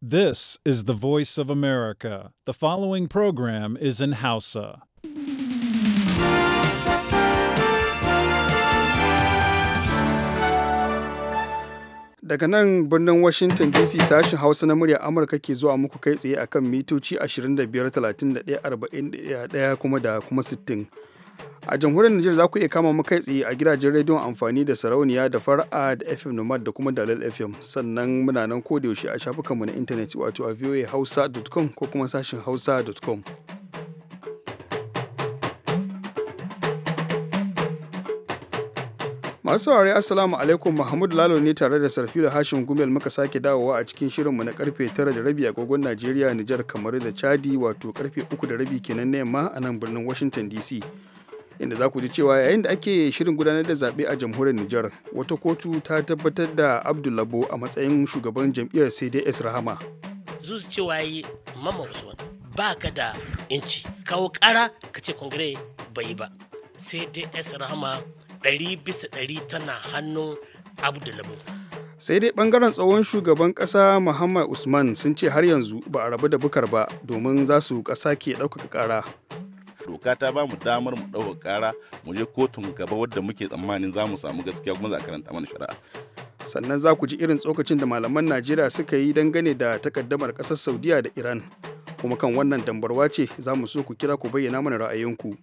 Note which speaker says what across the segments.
Speaker 1: This is the voice of America. The following program is in
Speaker 2: Hausa. Daga nan birnin Washington DC sashen Hausa na murya Amurka ke zuwa muku kai tsaye akan mitoci 25, 31, 41 kuma da kuma 60. a jamhuriyar Nijar za ku iya kama mu tsaye a gidajen rediyon amfani da sarauniya da fara'a da FM Nomad da kuma Dalal FM sannan muna nan ko da yaushe a shafukan mu na intanet wato a voahausa.com ko kuma sashin hausa.com. masu saurari assalamu alaikum mahmud lalo ne tare da da hashin gumel muka sake dawowa a cikin shirinmu na karfe 9 da rabi agogon najeriya nijar kamar da chadi wato karfe 3 da rabi kenan na yamma a nan birnin washington dc inda za ku ji cewa yayin da ake shirin gudanar da zaɓe a jamhuriyar Nijar wata kotu ta tabbatar da Abdullabo a matsayin shugaban jam'iyyar CDS Rahama.
Speaker 3: Zuzu cewa yi mamma Usman ba ka da inci kawo ƙara ka ce kongire bai ba. CDS Rahama ɗari bisa ɗari tana hannun Abdullabo.
Speaker 2: sai dai bangaren tsohon shugaban ƙasa muhammad usman sun ce har yanzu ba a rabu da bukar ba domin za su kasa ke ɗaukaka ƙara
Speaker 4: doka ta ba mu damar mu ɗaukar ƙara mu je kotun gaba wadda muke tsammanin za mu samu
Speaker 2: gaskiya kuma za a karanta mana shari'a sannan za ku ji irin tsokacin da malaman najeriya suka yi dangane da takaddamar kasar saudiya da iran kuma kan wannan dambarwa ce za mu so ku kira ku bayyana mana ra'ayinku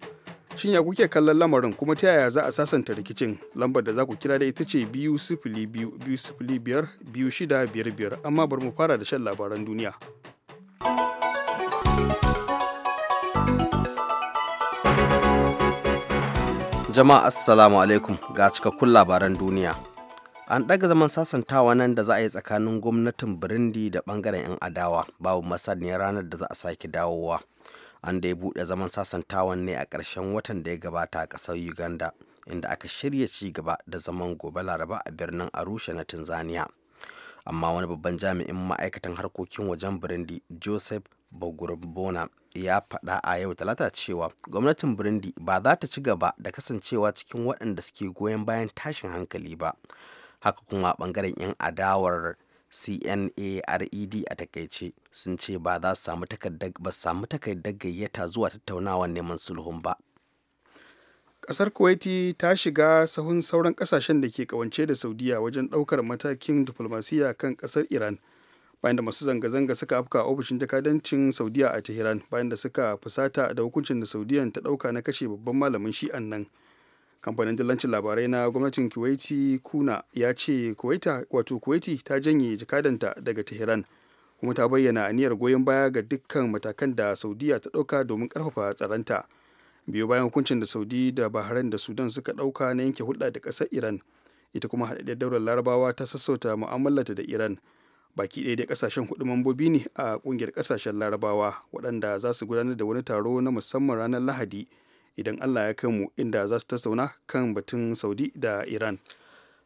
Speaker 2: shin ya kuke kallon lamarin kuma ta yaya za a sasanta rikicin lambar da za ku kira da ita ce biyu sifili biyu biyu sifili biyar biyu shida biyar biyar amma bari mu fara da shan labaran duniya.
Speaker 3: Jama'a Assalamu alaikum ga cikakkun labaran duniya. An ɗaga zaman sasantawa nan da za a yi tsakanin gwamnatin Burundi da bangaren 'yan adawa babu masaniya ranar da za a sake dawowa. An da ya buɗe zaman sasantawan ne a ƙarshen watan da ya gabata a ƙasar Uganda inda aka shirya ci gaba da zaman gobe Laraba a birnin Arusha na Tanzania. Amma wani babban jami'in ma'aikatan harkokin wajen Burundi Joseph Bogurbona ya faɗa a yau talata cewa gwamnatin Burundi ba za ta ci gaba da kasancewa cikin waɗanda suke goyon bayan tashin hankali ba. Haka kuma bangaren 'yan adawar CNARED a takaice sun ce ba za su samu takardar gayyata zuwa tattaunawar neman sulhun ba.
Speaker 2: Ƙasar Kuwaiti ta shiga sahun sauran ƙasashen da ke kawance da Saudiya wajen ɗaukar matakin diflomasiyya kan ƙasar Iran. bayan da masu zanga-zanga suka afka ofishin jakadancin saudiya a tehran bayan da suka fusata da hukuncin da saudiyan ta dauka na kashe babban malamin shi'an nan kamfanin dillancin labarai na gwamnatin kuwaiti kuna ya ce kuwaita wato kuwaiti ta janye jakadanta daga tehran kuma ta bayyana aniyar goyon baya ga dukkan matakan da saudiya ta dauka domin karfafa tsaronta biyu bayan hukuncin da saudi da bahrain da sudan suka dauka na yanke hulɗa da ƙasar iran ita kuma haɗaɗɗiyar daular larabawa ta sassauta mu'amalarta da iran baki ɗaya da kasashen hudu mambobi ne a kungiyar kasashen larabawa waɗanda za su gudanar da wani taro na musamman
Speaker 3: ranar lahadi idan allah ya kai mu inda za su tattauna kan batun saudi da iran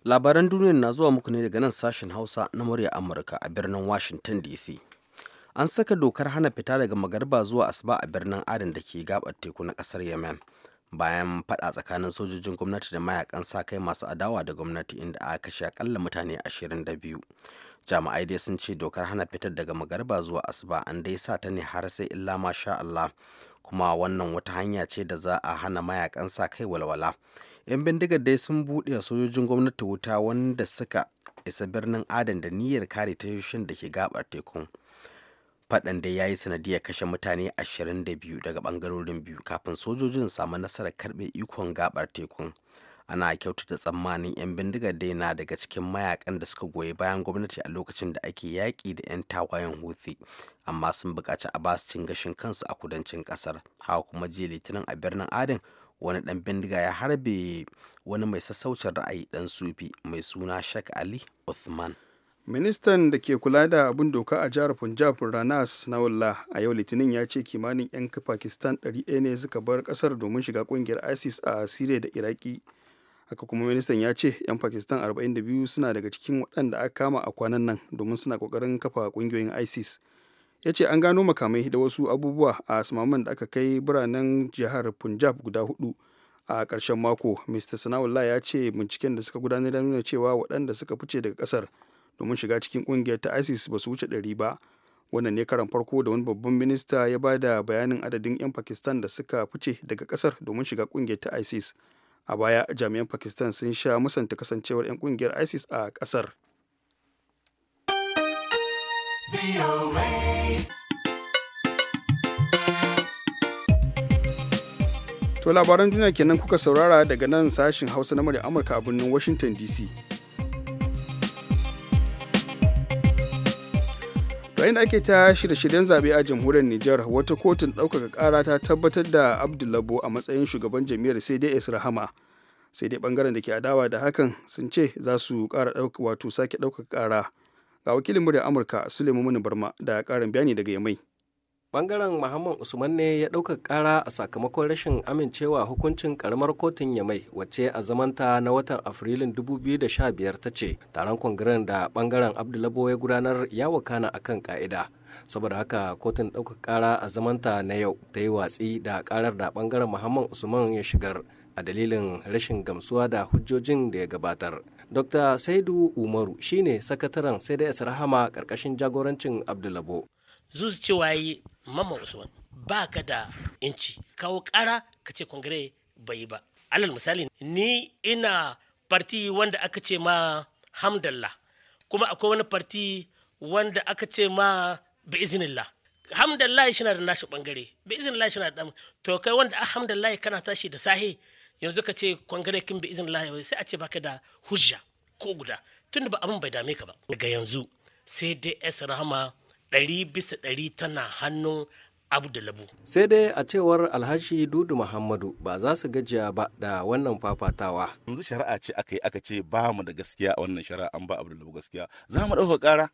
Speaker 3: labaran duniyar na zuwa muku ne daga nan sashen hausa na murya amurka a birnin washington dc an saka dokar hana fita daga magarba zuwa asuba a birnin adin da ke gabar teku na kasar yemen bayan fada tsakanin sojojin gwamnati da mayakan sa kai masu adawa da gwamnati inda aka kashe akalla mutane 22 jama'ai dai sun ce dokar hana fitar daga magariba zuwa asuba an dai sa ta ne har sai illa masha Allah kuma wannan wata hanya ce da za a hana mayakan sa kai walwala 'yan bindigar dai sun buɗe sojojin gwamnati wuta wanda suka isa birnin adan da niyyar kare tashoshin da ke gabar tekun faɗan dai ya yi sanadiyar kashe mutane 22 daga bangarorin biyu kafin sojojin samu nasarar karɓe ikon gabar tekun ana kyautata tsammanin 'yan bindigar dai na daga cikin mayakan da suka goyi bayan gwamnati a lokacin da ake yaƙi da 'yan tawayen hutu amma sun buƙaci a basu cin gashin kansu a kudancin ƙasar hawa kuma jiya litinin a birnin adin wani ɗan bindiga ya harbe wani mai sassaucin ra'ayi ɗan sufi mai suna shak ali uthman
Speaker 2: ministan da ke kula da abin doka a jihar punjab ranas nawalla a yau litinin ya ce kimanin 'yan pakistan 100 ne suka bar kasar domin shiga kungiyar isis a syria da iraki haka kuma ministan ya ce 'yan pakistan 42 suna daga cikin waɗanda aka kama a kwanan nan domin suna kokarin kafa kungiyoyin isis ya ce an gano makamai da wasu abubuwa a samaman da aka kai biranen jihar punjab guda hudu a ƙarshen mako mr sanawullah ya ce binciken da suka gudanar da nuna cewa waɗanda suka fice daga ƙasar domin shiga cikin kungiyar ta isis ba su wuce ɗari ba wannan ne karan farko da wani babban minista ya ba da bayanin adadin 'yan pakistan da suka fice daga kasar domin shiga kungiyar ta isis a baya jami'an pakistan sun sha musanta kasancewar 'yan kungiyar isis a kasar To labaran duniya kenan kuka saurara daga nan sashin Hausa na murya Amurka a birnin Washington DC. bayan da ake ta shirye-shiryen zaɓe a jamhuriyar Nijar wata kotun ɗaukaka ƙara ta tabbatar da Abdullabo a matsayin shugaban jam'iyyar sai dai Isra'ama sai dai bangaren da ke adawa da hakan sun ce za su ƙara wato sake ɗaukaka ƙara ga wakilin murya Amurka Suleiman Barma da ƙarin bayani daga Yamai.
Speaker 1: bangaren muhammad usman ne ya ɗauka ƙara a sakamakon rashin amincewa hukuncin ƙaramar kotun yamai wacce a zamanta na watan afrilun 2015 ta ce taron kwangaren da bangaren Abdullabo ya gudanar ya wakana akan ƙa'ida, saboda haka kotun ɗauka ƙara a zamanta na yau ta yi watsi da ƙarar da bangaren muhammad usman ya shigar a dalilin rashin gamsuwa da hujjojin da ya gabatar dr saidu umaru shine sakataren sai da rahama ƙarƙashin jagorancin
Speaker 3: Abdullabo. zuzu cewa mamman usman ba ka da inci kawo kara ka ce kongire bai yi ba alal misali ni ina farti wanda aka ce ma hamdallah kuma akwai wani farti wanda aka ce ma bi'izinillah hamdallah shi na da nashi bangare bi'izinillah shi na da to kai wanda alhamdallah kana tashi da sahi yanzu ka ce kongire kin bi'izinillah sai a ce baka da hujja ko guda tunda ba abin bai dame ka ba daga yanzu sai dai es rahama ɗari bisa ɗari tana hannun Abdullabu.
Speaker 1: Sai dai a cewar Alhaji Dudu Muhammadu ba za su gajiya ba da wannan fafatawa. Yanzu shari'a ce aka yi aka
Speaker 4: ce ba mu da gaskiya a wannan shari'a an ba Abdullabu gaskiya. Za mu ɗauka ƙara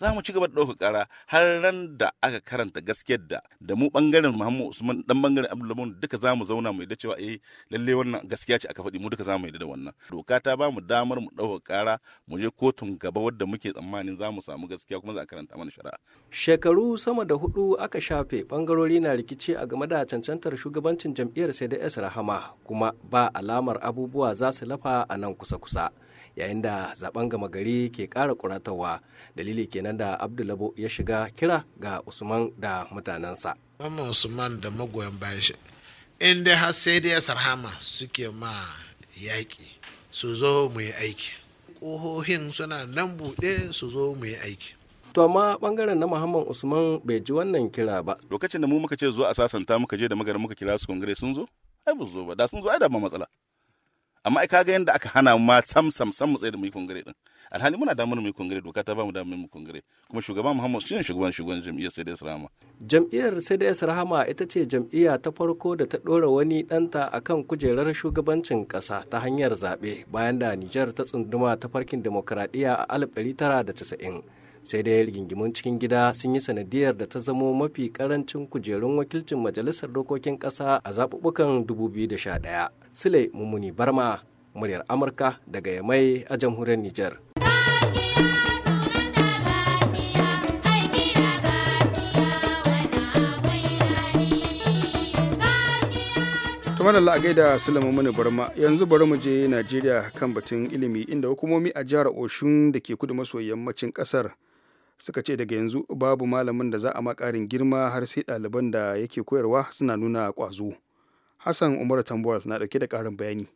Speaker 4: za mu ci gaba da ɗauka ƙara har ran da aka karanta gaskiyar da da mu bangaren Muhammad Usman dan ɓangaren Lamun duka za mu zauna mu da cewa eh lalle wannan gaskiya ce aka faɗi mu duka za mu yi da wannan doka ta ba mu damar mu ɗauka ƙara mu je kotun gaba wadda muke tsammanin za mu samu gaskiya kuma za a karanta mana shari'a.
Speaker 1: Shekaru sama da hudu aka shafe bangarori na rikici a game da cancantar shugabancin jam'iyyar sai Rahama kuma ba alamar abubuwa za su lafa a nan kusa-kusa. yayin da zaben gama gari ke ƙara kuratawa dalili kenan da abdullabo ya shiga kira ga usman da mutanensa wannan usman da magoyan bayan shi in dai har sai dai sarhama suke ma yaƙi su zo mu
Speaker 4: yi aiki ƙohohin suna nan buɗe su zo mu yi aiki
Speaker 1: to amma bangaren na muhammad usman bai ji wannan kira ba lokacin da mu muka ce zo a sasanta muka je da magana muka kira su
Speaker 4: kongire sun zo ai ba zo ba da sun zo ai da ba matsala amma ka ga yadda aka hana ma sam sam sam mu tsaye da mu yi kongire din alhali muna damar mu yi kongire doka ta ba mu damar mu yi kongire kuma shugaban muhammad
Speaker 1: shine shugaban shugaban jam'iyyar sai da rahama jam'iyyar sai da rahama ita ce jam'iyya ta farko da ta dora wani danta akan kujerar shugabancin kasa ta hanyar zaɓe bayan da nijar ta tsunduma ta farkin demokradiyya a 1990 sai dai rigingimun cikin gida sun yi sanadiyar da ta zamo mafi karancin kujerun wakilcin majalisar dokokin kasa a zaɓuɓɓukan 2011 sule mummuni barma muryar amurka daga yamai a jamhuriyar niger
Speaker 2: kamar Allah a gaida Sulaiman Mani Barma yanzu bari mu je Najeriya kan batun ilimi inda hukumomi a jihar Oshun da ke kudu maso yammacin kasar suka ce daga yanzu babu malamin da za a makarin girma har sai ɗaliban da yake koyarwa suna nuna ƙwazo hassan umar tambol na ɗauke da ƙarin bayani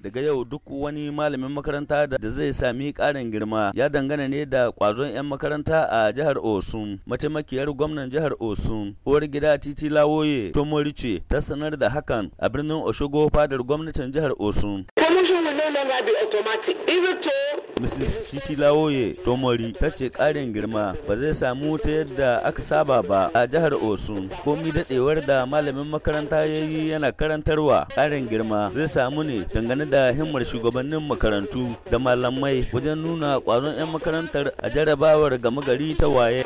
Speaker 2: daga yau duk wani malamin
Speaker 5: makaranta da zai sami karin girma ya dangana ne da kwazon 'yan makaranta a jihar osun mataimakiyar gwamnan jihar osun uwar gida titi lawoye tomorice ta sanar da hakan a birnin oshogo fadar gwamnatin jihar osun
Speaker 6: promotion will no longer be automatic even though
Speaker 5: Mrs. Titi Lawoye Tomori ta ce ƙarin girma ba zai samu ta yadda aka saba ba a jihar Osun. Komi daɗewar da malamin makaranta ya yi yana karantarwa ƙarin girma zai samu ne dangane da himmar shugabannin makarantu da malamai wajen nuna ƙwazon 'yan makarantar a jarabawar gama gari ta waye.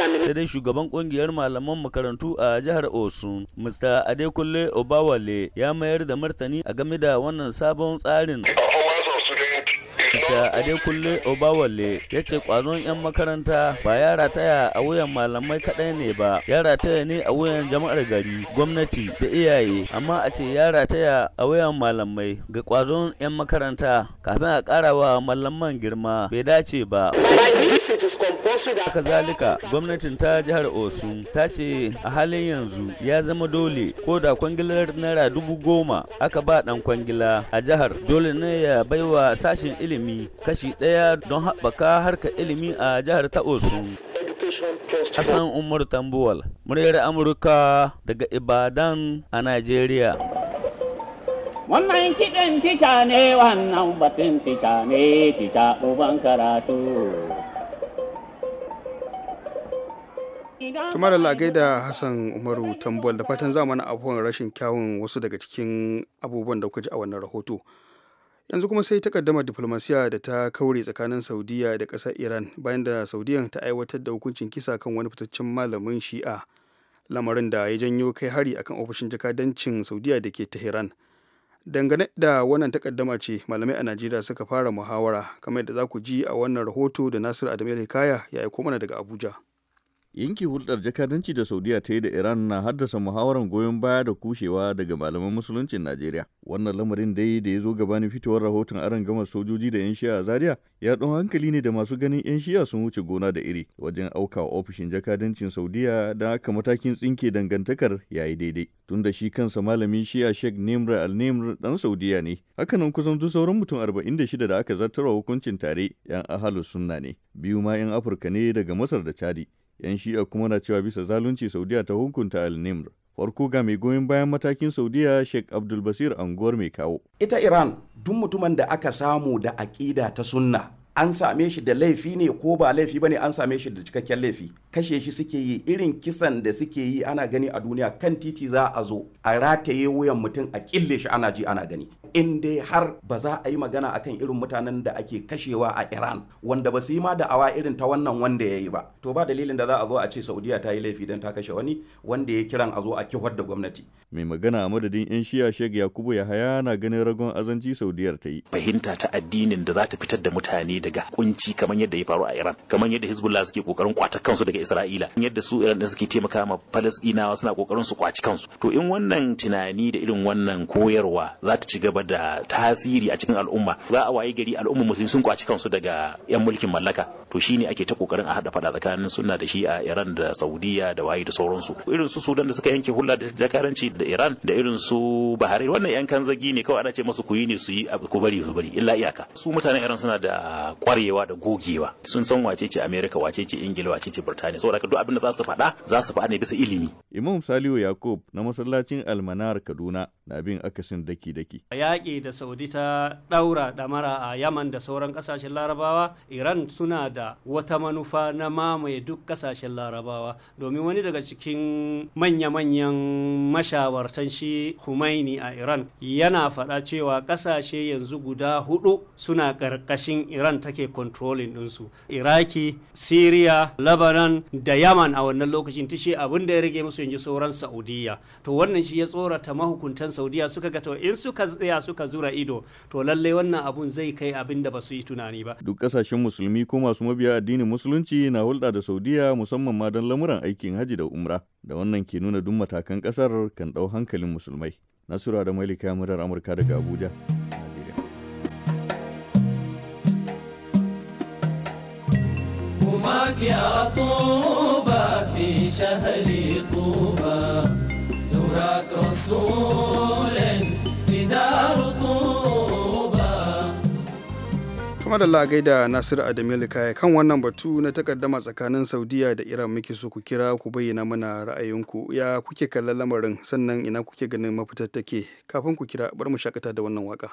Speaker 5: sai dai shugaban kungiyar malaman makarantu a jihar osun mr adekunle obawale ya mayar da martani a game da wannan sabon tsarin ade kulle Obawale ya ce kwazon 'yan makaranta ba ya taya a wuyan malamai kaɗai ne ba, yara taya ne a wuyan jama'ar gari, gwamnati da iyaye, amma a ce ya taya a wuyan malamai ga kwazon 'yan makaranta kafin a ƙara wa malaman girma bai dace ba. Haka zalika gwamnatin ta jihar Osun ta ce a halin yanzu ya zama dole ko da kwangilar naira dubu goma aka ba ɗan kwangila a jihar dole ne ya baiwa sashen ilimi kashi ɗaya don haɓaka harkar ilimi a jihar ta osu Hassan Umar Tambuwal, muryar Amurka daga Ibadan a Najeriya. Wannan kiɗin
Speaker 2: tica ne wannan batun tica ne tica uban karatu. tumar lagai da Hassan Umaru Tambuwal da fatan zamanin abubuwan rashin kyawun wasu daga cikin abubuwan da kuka ji a wannan rahoto. yanzu kuma sai takaddamar diflomasiyya da ta kaure tsakanin saudiya da ƙasar iran bayan da saudiyan ta aiwatar da hukuncin kisa kan wani fitaccen malamin shi'a lamarin da ya janyo kai hari akan ofishin jakadancin saudiya da ke tehran dangane da wannan takaddama ce malamai a najeriya suka fara muhawara kamar yadda za ku ji a wannan rahoto da nasiru
Speaker 7: adamu kaya ya aiko mana daga abuja Yanki hulɗar jakadanci da Saudiya ta yi da Iran na haddasa muhawarar goyon baya da kushewa daga malaman musuluncin Najeriya. Wannan lamarin dai da ya zo gabanin fitowar rahoton aron gamar sojoji da 'yan shi'a a Zaria ya ɗan hankali ne da masu ganin 'yan shi'a sun wuce gona da iri wajen auka ofishin jakadancin Saudiya da haka matakin tsinke dangantakar ya yi daidai. Tun da shi kansa malamin shi'a Sheikh Nimr al-Nimr ɗan Saudiya ne. Hakanan kusan duk sauran mutum 46 da aka zartarwa hukuncin tare 'yan ahalus sunna ne. Biyu ma 'yan Afirka ne daga Masar da Chadi. 'Yan shi'a kuma na cewa bisa zalunci Saudiya ta hukunta al-Nimr. Farko ga mai goyon bayan matakin Saudiya Sheikh Abdul Basir Anguwar mai kawo. Ita Iran duk mutumin da aka samu da aƙida ta sunna an same shi da laifi ne ko
Speaker 1: ba laifi bane an same shi da cikakken laifi kashe shi suke yi irin kisan da suke yi ana gani a duniya kan titi za a zo a rataye wuyan mutum a kille shi ana ji ana gani in dai har ba za a yi magana akan irin mutanen da ake kashewa a Iran wanda ba su yi ma da awa irin ta wannan wanda ya yi ba to ba dalilin da za a zo a ce Saudiya ta yi laifi don ta kashe wani wanda ya
Speaker 7: kiran a zo a kihwar da gwamnati mai magana a madadin yan shiya shek Yakubu haya na ganin ragon azanci Saudiyar ta yi fahimta ta addinin da za ta fitar da mutane daga kunci kamar yadda ya faru a Iran
Speaker 5: kamar yadda Hezbollah suke kokarin kwata kansu daga Isra'ila yadda su Iran suke taimaka ma Falastinawa suna kokarin su kwaci kansu to in wannan tunani da irin wannan koyarwa za ta ci gaba gaba da tasiri a cikin al'umma za a waye gari al'umma musulmi sun kwaci kansu daga yan mulkin mallaka to shine ake ta kokarin a hada fada tsakanin sunna da shi a Iran da Saudiya da waye da sauransu irin su Sudan da suka yanke hulla da jakaranci da Iran da irin su Bahrain wannan yan zagi ne kawai ana ce masu ku yi ne su yi ku bari su bari illa iyaka su mutanen Iran suna da kwarewa da gogewa sun san wace ce America wace ce Ingila wace ce Birtaniya saboda duk abin da za su faɗa za su faɗa ne bisa ilimi
Speaker 7: Imam Saliu Yakub na masallacin Almanar Kaduna na bin akasin daki-daki.
Speaker 5: A yaƙi da Saudi ta ɗaura ɗamara a Yaman da sauran ƙasashen Larabawa, Iran suna da wata manufa na mamaye duk ƙasashen Larabawa. Domin wani daga cikin manya-manyan mashawartan shi Humaini a Iran yana faɗa cewa ƙasashe yanzu guda hudu suna ƙarƙashin Iran take controlling ɗinsu. Iraki, Siriya, Lebanon da Yaman a wannan lokacin tushe abin da ya rage musu yanzu sauran Saudiya. To wannan shi ya tsorata mahukuntan saudiya suka ga to in suka tsaya suka zura ido to lallai wannan abun zai kai abin da ba su yi tunani ba
Speaker 7: duk kasashen musulmi ko masu mabiya addinin musulunci na hulɗa da saudiya musamman ma don lamuran aikin haji da umra da wannan ke nuna duk matakan kasar kan ɗau hankalin musulmai nasura da malika murar amurka daga abuja
Speaker 6: معك يا طوبى في شهر طوبى زوراك
Speaker 2: kuma da lagai da nasiru adamu kaya kan wannan batu na takaddama tsakanin saudiya da iran muke so ku kira ku bayyana mana ra'ayinku ya kuke kallon lamarin sannan ina kuke ganin mafitar take kafin ku kira bar mu shakata da wannan waka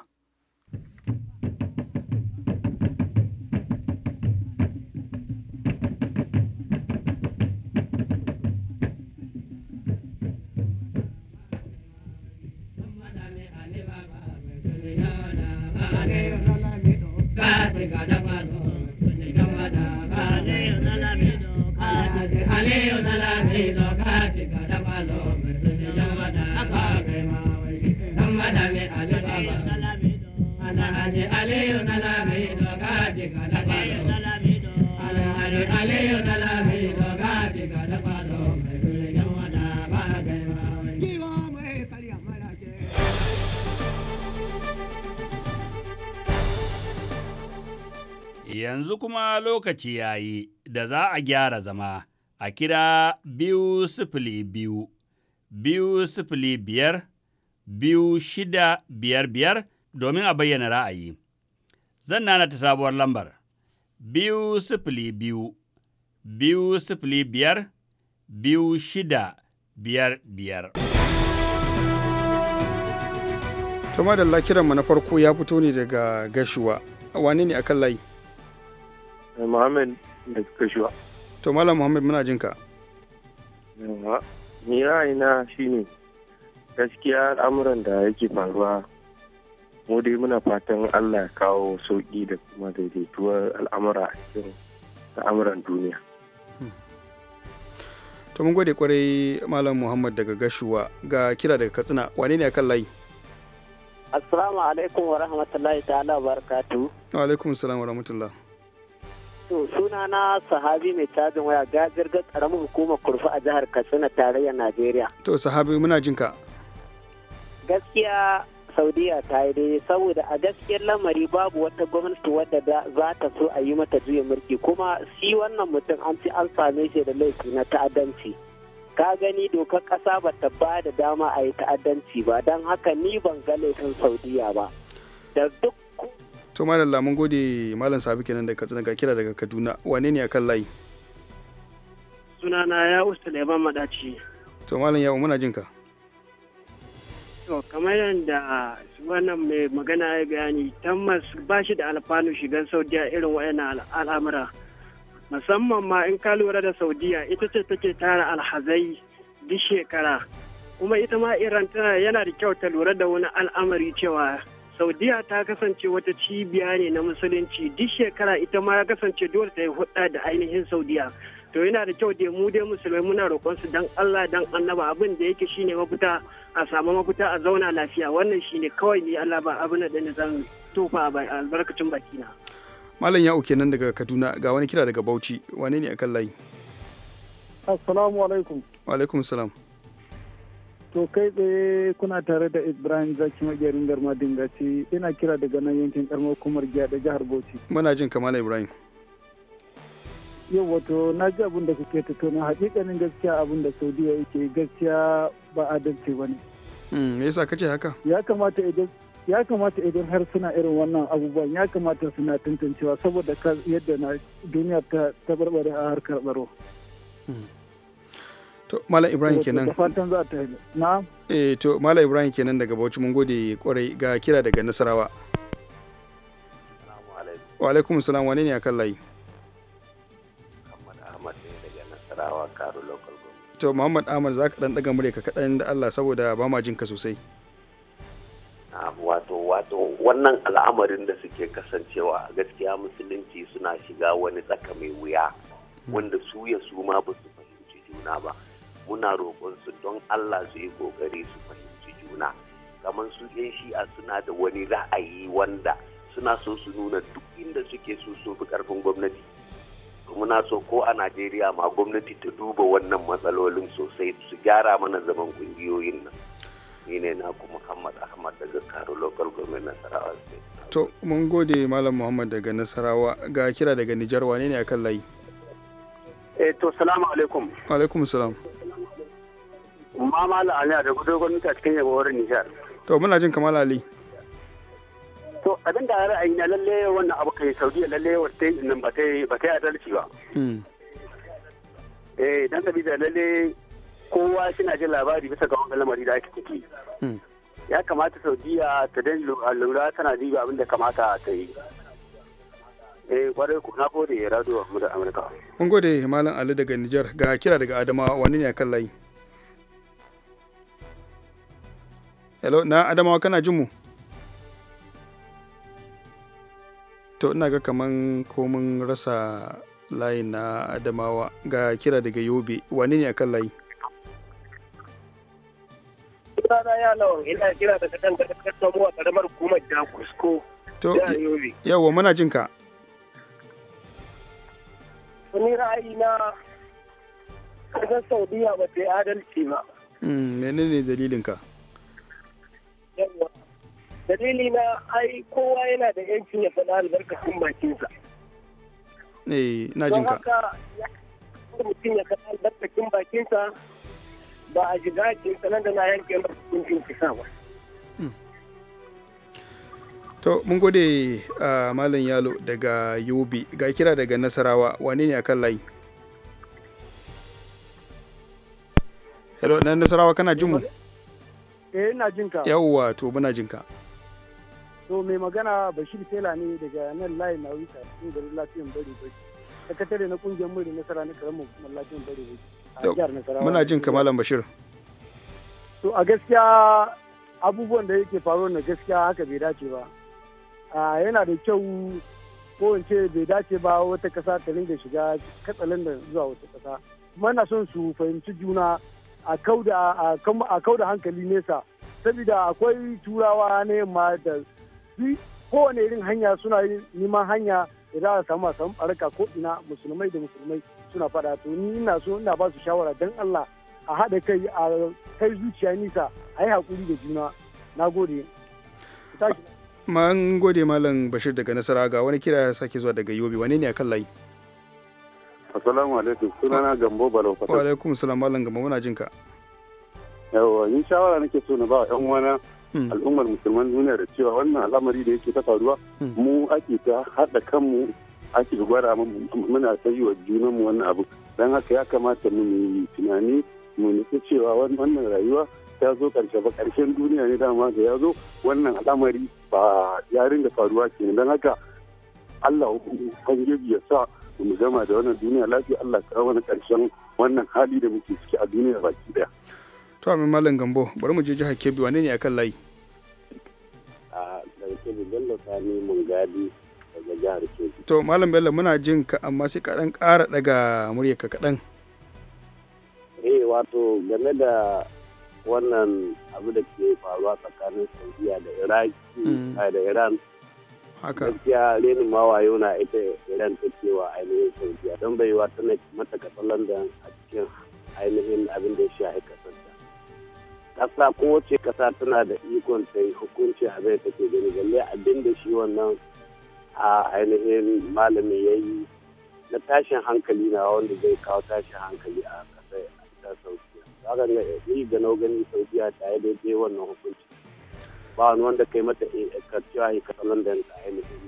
Speaker 7: lokaci ya yi da za a gyara zama a kira biyu sifili biyu, biyu sifili biyar, biyu shida biyar biyar domin a bayyana ra'ayi. Zan nana ta sabuwar lambar, biyu sifili biyu, biyu sifili biyar, biyu shida biyar biyar.
Speaker 2: Tuma da kiranmu na farko ya fito ne daga gashuwa, wane ne akan layi?
Speaker 6: Muhammad da Kashuwa.
Speaker 2: To Malam Muhammad muna jin ka.
Speaker 6: Ni ra'ayina shine gaskiya al'amuran da yake faruwa mu dai muna fatan Allah ya kawo sauki da kuma daidaituwar al'amura a cikin al'amuran duniya. Hmm.
Speaker 2: To mun gode kwarai Malam Muhammad daga Gashuwa ga kira daga Katsina wane ne akan layi?
Speaker 6: Assalamu alaikum wa rahmatullahi ta'ala wa
Speaker 2: Wa alaikum salam wa rahmatullahi.
Speaker 6: To suna na sahabi mai cajin waya ga ga karamin hukumar kurfa a jihar Katsina tarayyar Najeriya.
Speaker 2: To sahabi muna jinka.
Speaker 6: Gaskiya Saudiya ta yi dai saboda a gaskiyar lamari babu wata gwamnati wadda za ta so a yi mata juya mulki kuma shi wannan mutum an ci an same shi da laifi na ta'addanci. Ka gani dokar kasa ba ta ba da dama a yi ta'addanci ba don haka ni ban ga laifin Saudiya ba. Da duk
Speaker 2: to malam lamun gode malam sabi kenan da katsina ga kira daga kaduna wane ne akan layi
Speaker 6: sunana ya usta da yaban madaci
Speaker 2: to malam yawo muna jinka
Speaker 6: to kamar yadda wannan mai magana ya bayani tammas ba shi da alfanu shigan saudiya irin wayannan al'amura musamman ma in ka lura da saudiya ita ce take tara alhazai duk shekara kuma ita ma iran tana yana da kyau ta lura da wani al'amari cewa saudiya ta kasance wata cibiya ne na musulunci duk shekara ita ma ya kasance dole ta yi hudda da ainihin saudiya to yana da kyau dai mu dai musulmai muna roƙon su dan Allah dan annaba abin da yake shine mafita a samu mafita a zauna lafiya wannan shine kawai ni Allah ba abin da ni zan tofa ba albarkacin bakina
Speaker 2: Malam uke nan daga Kaduna ga wani kira daga Bauchi wane ne akan layi
Speaker 6: Assalamu alaikum Wa alaikum salam To kai tsaye kuna tare da Ibrahim Zaki Magyarin Garma Dingaci ina kira daga nan yankin karmar hukumar giya da jihar Bauchi.
Speaker 2: Muna jin kamar Ibrahim.
Speaker 6: Yau wato na ji abin da kuke tattauna hakikanin gaskiya abin da Saudiya yake gaskiya ba adalci ba ne.
Speaker 2: Hmm, me yasa ka ce haka?
Speaker 6: Ya kamata idan ya kamata idan har suna irin wannan abubuwan ya kamata suna tantancewa saboda yadda na duniya ta tabarbare a harkar baro. Hmm.
Speaker 2: to malam ibrahim eh, kenan fatan
Speaker 6: za ta na
Speaker 2: eh to malam ibrahim kenan daga bauchi mun gode kwarai ga kira daga nasarawa wa alaikum salam wane ne akan layi
Speaker 6: Muhammad Ahmad ne daga Nasarawa local government
Speaker 2: to Muhammad Ahmad za ka dan daga mure ka kadan da Allah saboda ba ma jin ka sosai
Speaker 6: wato wato wannan al'amarin da suke kasancewa gaskiya musulunci suna shiga wani tsaka mai wuya hmm. wanda su ya su ma ba su fahimci juna ba muna su don allah su yi ƙoƙari su fahimci juna kamar su yan shi'a suna da wani ra'ayi wanda suna so su nuna duk inda suke so su fi karfin gwamnati muna so ko a najeriya ma gwamnati ta duba wannan matsalolin sosai su gyara mana zaman kungiyoyin nan ni ne na ku muhammad ahmad daga karo local government nasarawa state
Speaker 2: to mun gode malam muhammad daga nasarawa ga kira daga nijar wane ne akan layi
Speaker 6: eh to salamu alaikum
Speaker 2: alaikum salam
Speaker 6: Mamala Ali a da dogon mita cikin yawar nijar.
Speaker 2: to muna jin kamar ali
Speaker 6: to abin da ra'ayi na lalle wannan abu kai saudiya lalle yi nan ba ta yi adalci ba hmm. eh dan da lalle kowa suna jin labari bisa ga wannan lamari da ake ciki hmm. ya kamata saudiya ta dan lura tana diba abin da kamata ta yi eh kwarai na gode radio mu da amurka
Speaker 2: mun gode malam ali daga nijar ga kira daga adamawa wani ne kan layi hello na adamawa kana jin mu to ina ga kaman komin rasa layi na adamawa ga kira daga yobe wani ne akan layi
Speaker 6: Sunana ya lawan daga
Speaker 2: To, yawa muna jin ka.
Speaker 6: Wani ra'ayi na kasar Saudiya ba ta yi adalci ba.
Speaker 2: Hmm, menene dalilin ka?
Speaker 6: dalili na ai kowa yana da yancin ya faɗa albarkacin bakinsa
Speaker 2: Ne, eh, na jinka
Speaker 6: mutum ya faɗa albarkacin bakinsa ba a ji dace sanar da na yanke masa cikin kisa ba hmm.
Speaker 2: to mun gode malam yalo daga yobe ga kira daga nasarawa wane ne akan layi hello na nasarawa kana jin mu
Speaker 6: eh ina jinka yawwa
Speaker 2: to muna jinka
Speaker 6: to mai magana bashir tela ne daga nan layin na wita cikin garin lafiyan bari bari sakatare na kungiyar muri nasara na karamar hukumar lafiyan bari bari muna jin kamalan bashir to a gaskiya abubuwan da yake faruwa na gaskiya haka bai dace ba yana da kyau ko in ce bai dace ba wata kasa ta ringa shiga katsalin da zuwa wata kasa kuma na son su fahimci juna a kauda hankali nesa saboda akwai turawa ne ma da su kowane irin hanya suna yin neman hanya da za a samu a samu baraka ko ina musulmai da musulmai suna fada to ni ina so ina ba su shawara dan Allah a haɗa kai a kai zuciya nisa a yi haƙuri da juna na gode
Speaker 2: man gode malam bashir daga nasara ga wani kira ya sake zuwa daga yobe wane ne a kan layi
Speaker 6: assalamu alaikum sunana gambo balau fatan
Speaker 2: wa alaikum salam malam gambo muna jinka
Speaker 6: yawa yin shawara nake so na ba yan uwana Hmm. al'ummar musulman duniya da cewa wannan al'amari da yake ta faruwa hmm. mu ake ta haɗa kanmu ake gwara muna ta yi wa junanmu wannan abu don haka ya kamata mu yi tunani mu nufi cewa wannan rayuwa ta zo karshe ba karshen duniya ne dama da ya zo wannan al'amari ba ya ringa faruwa ke don haka Allah ubangiji ya sa mu gama da wannan duniya lafiya Allah ka wani karshen wannan hali da muke ciki a duniya baki daya
Speaker 2: to amin malam gambo bari mu je jihar kebbi wane ne akan layi
Speaker 6: a kebbi bello sani mun gadi daga jihar kebbi
Speaker 2: to malam bello muna jin ka amma sai ka dan ƙara daga muryarka kaɗan
Speaker 6: eh wato game da wannan abu da ke faruwa tsakanin saudiya da iraki mm. da iran haka gaskiya renin mawayo na ita iran ta cewa ainihin saudiya don baiwa tana mata katsalandan a cikin ainihin abin da ya shahi kasar ƙasa kowace ƙasa tana da ikon ta yi hukunci a zai take gani balle abin da shi wannan a ainihin malami ya yi na tashin hankali na wanda zai kawo tashin hankali a ƙasar ta saudiya haka ne ni ga nau gani saudiya ta yi ke wannan hukunci ba wani wanda kai mata eh, a cewa yi kasa london a ainihin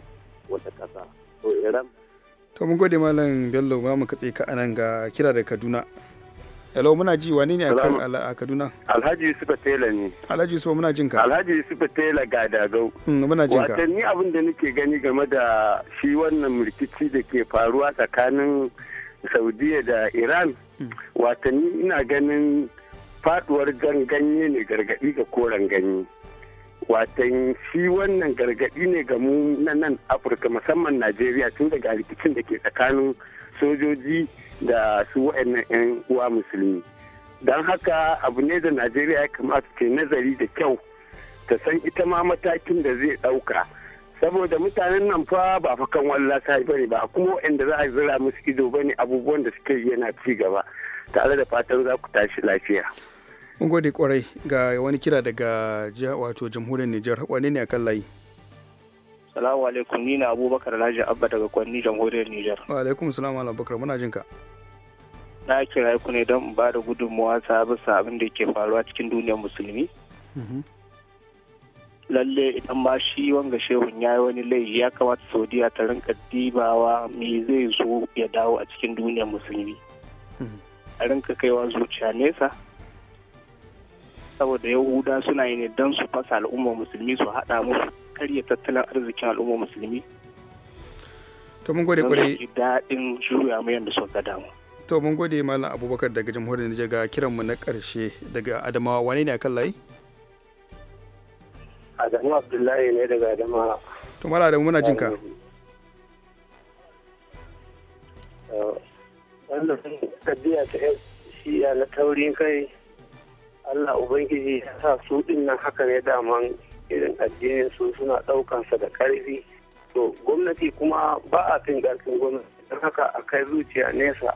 Speaker 6: wata ƙasa to iran
Speaker 2: to mun gode malam bello ba mu katse ka anan ga kira da kaduna hello muna ji wani ne a kaduna alhaji
Speaker 6: yusuf tela ne
Speaker 2: alhaji yusuf muna jinka alhaji
Speaker 6: yusuf tela ga dagau mm, muna jinka wata ni abin da nake gani game da shi wannan rikici da ke faruwa tsakanin saudiya da iran mm. wata ni ina ganin faduwar ganganye ne gargadi ga koren ganye watan shi wannan gargadi ne ga mu na nan afirka musamman najeriya tun daga rikicin da ke tsakanin sojoji da su waɗannan 'yan uwa musulmi don haka abu ne da najeriya ya kamata ta nazari da kyau ta san ita ma matakin da zai ɗauka saboda mutanen nan fa ba fa kan walla sai bane ba kuma inda za a zira musu ido bane abubuwan da suke yana ci gaba tare da fatan za ku tashi lafiya
Speaker 2: mun gode kwarai ga wani kira daga wato jamhuriyar Nijar wani ne akan layi
Speaker 6: Salamu alaikum ni na Abubakar Alhaji Abba daga Kwanni Jamhuriyar Nijar.
Speaker 2: Wa alaikum salam ala muna jin ka.
Speaker 6: Na kira ku ne don ba da gudunmuwa ta bisa abin da ke faruwa cikin duniyar musulmi. Mhm. Lalle idan ma shi wanga shehun ya yi wani laifi ya kamata Saudiya ta rinka dibawa me zai zo ya dawo a cikin duniyar musulmi. Mhm. A rinka kaiwa zuciya nesa saboda Yahuda suna yi ne don su fasa al'ummar musulmi su haɗa musu karya tattalin arzikin al'umma musulmi
Speaker 2: to mun gode kwarai
Speaker 6: daɗin juya mu yanda sun ga damu
Speaker 2: to mun gode malam abubakar daga jamhuriyar nijar ga kiran mu na karshe daga adamawa wane ne akan layi
Speaker 6: adamu abdullahi ne daga adamawa
Speaker 2: to malam adamu muna jinka
Speaker 6: wanda uh, wannan tabiya ta ya na taurin kai Allah Ubangiji ya sa su ɗin nan haka ne daman irin addinin su suna ɗaukansa da ƙarfi to gwamnati kuma ba a fin garkin gwamnati don haka a kai zuciya nesa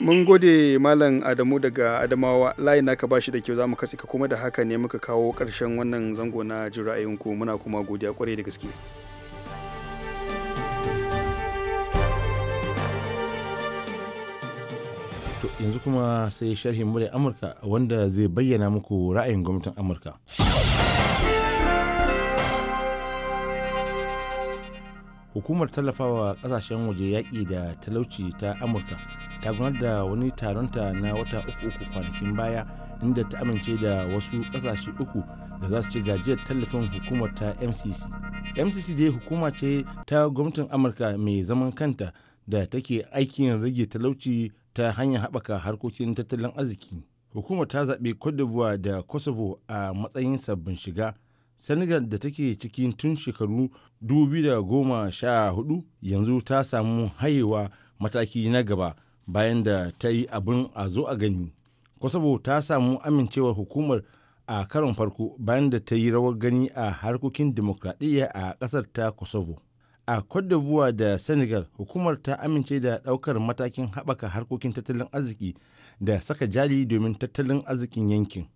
Speaker 2: mun gode malam adamu daga adamawa layi naka ba shi da kyau za mu kasi kuma da haka ne muka kawo ƙarshen wannan zango na jin ra'ayinku muna kuma godiya kwarai da gaske.
Speaker 4: yanzu kuma sai sharhin murya amurka wanda zai bayyana muku ra'ayin gwamnatin amurka hukumar tallafawa kasashen waje yaƙi da talauci ta amurka ta gudanar da wani taronta na wata uku uku kwanakin baya inda ta amince da wasu kasashe uku da za su ci gajiyar tallafin hukumar ta mcc mcc dai hukuma ce ta gwamnatin amurka mai zaman kanta da take aikin rage talauci ta hanyar haɓaka harkokin tattalin arziki hukumar ta zaɓi cote da kosovo a matsayin sabbin shiga senegal da take cikin tun shekaru 2014 yanzu ta samu hayewa mataki na gaba bayan da ta yi abin a zo a gani kosovo ta samu amincewar hukumar a karon farko bayan da ta yi rawar gani a harkokin demokradiyya a ƙasar ta kosovo a Côte da senegal hukumar ta amince da daukar matakin haɓaka harkokin tattalin arziki da saka jari domin tattalin arzikin yankin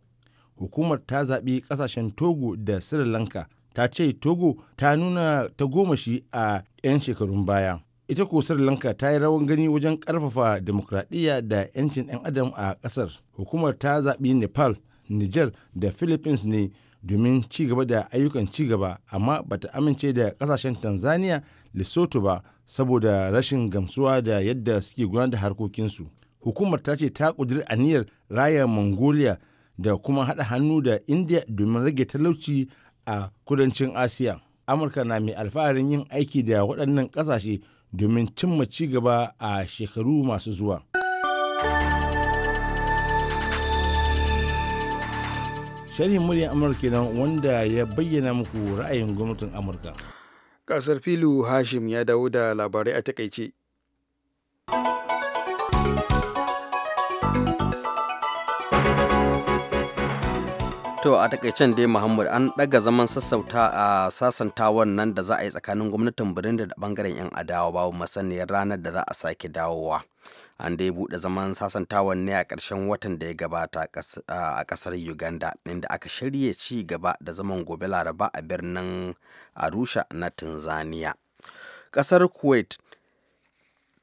Speaker 4: hukumar ta zaɓi ƙasashen togo da sri lanka ta ce togo ta nuna ta goma shi a 'yan shekarun baya ita ko sri lanka ta yi rawan gani wajen ƙarfafa demokradiyya da 'yancin 'yan adam a ƙasar hukumar ta zaɓi nepal niger da philippines ne domin ci gaba da ayyukan ci gaba amma bata amince da kasashen tanzania lesotho ba saboda rashin gamsuwa da yadda suke gudanar da harkokinsu hukumar ta ce ta ƙudiri aniyar raya mongolia da kuma haɗa hannu da india domin rage talauci a kudancin asiya amurka na mai alfaharin yin aiki da waɗannan ƙasashe domin cimma ci gaba a shekaru masu zuwa sharhin muryar amurka nan wanda ya bayyana muku ra'ayin gwamnatin amurka
Speaker 2: kasar filu hashim ya dawo da labarai a takaice
Speaker 3: To a takaicen dai Muhammad an daga zaman sassauta a sasantawan nan da za a yi tsakanin gwamnatin birnin da bangaren 'yan adawa babu masaniyar ranar da za a sake dawowa. an dai buɗe zaman sasantawa ne a ƙarshen watan da ya gabata a ƙasar uganda inda aka shirya ci gaba da zaman gobe laraba a birnin arusha na tanzania ƙasar kuwait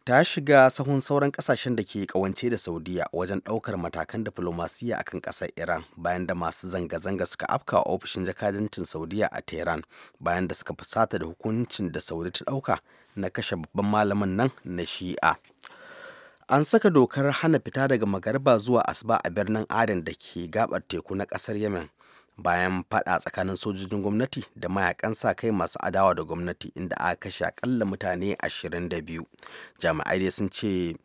Speaker 3: ta shiga sahun sauran ƙasashen da ke kawance da saudiya wajen ɗaukar matakan diflomasiyya akan ƙasar iran bayan da masu zanga-zanga suka afka a ofishin jakadancin saudiya a tehran bayan da suka fusata da hukuncin da saudi ta ɗauka na kashe babban malamin nan na shi'a an saka dokar hana fita daga magariba zuwa asuba a birnin aden da ke gabar teku na kasar yemen bayan fada tsakanin sojojin gwamnati da mayakan sa kai masu adawa da gwamnati inda aka kashe akalla mutane 22 jami'ai dai sun ce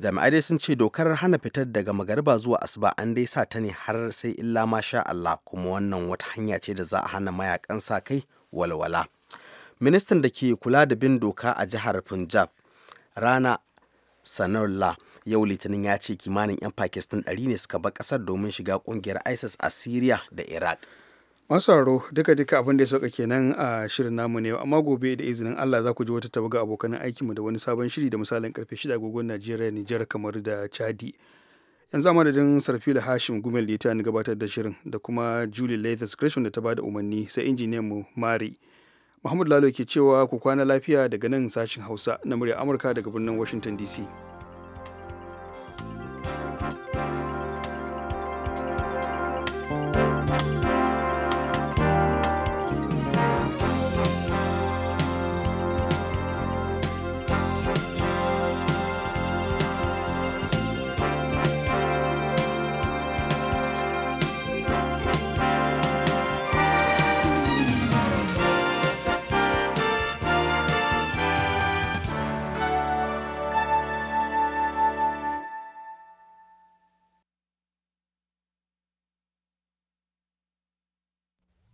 Speaker 3: jami'ai dai sun ce dokar hana fitar daga magariba zuwa asuba an dai sa ta ne har sai illa ma sha Allah kuma wannan wata hanya ce da za a hana mayakan sa kai walwala ministan da ke kula da bin doka a jihar punjab rana sanarla yau litinin ya ce kimanin 'yan pakistan 100 ne suka bar kasar domin shiga kungiyar isis a syria da iraq
Speaker 2: masaro duka duka abin da ya sauka kenan a shirin namu ne amma gobe da izinin allah za ku ji wata tabaga abokan aikinmu da wani sabon shiri da misalin karfe shida agogon najeriya nijar kamar da chadi yanzu a madadin sarfila hashim gumel da ya gabatar da shirin da kuma julie leithers gresham da ta bada umarni sai injiniyan mu mari Muhammadu Lalo ke cewa ku kwana lafiya daga nan sashin Hausa na murya Amurka daga birnin Washington DC.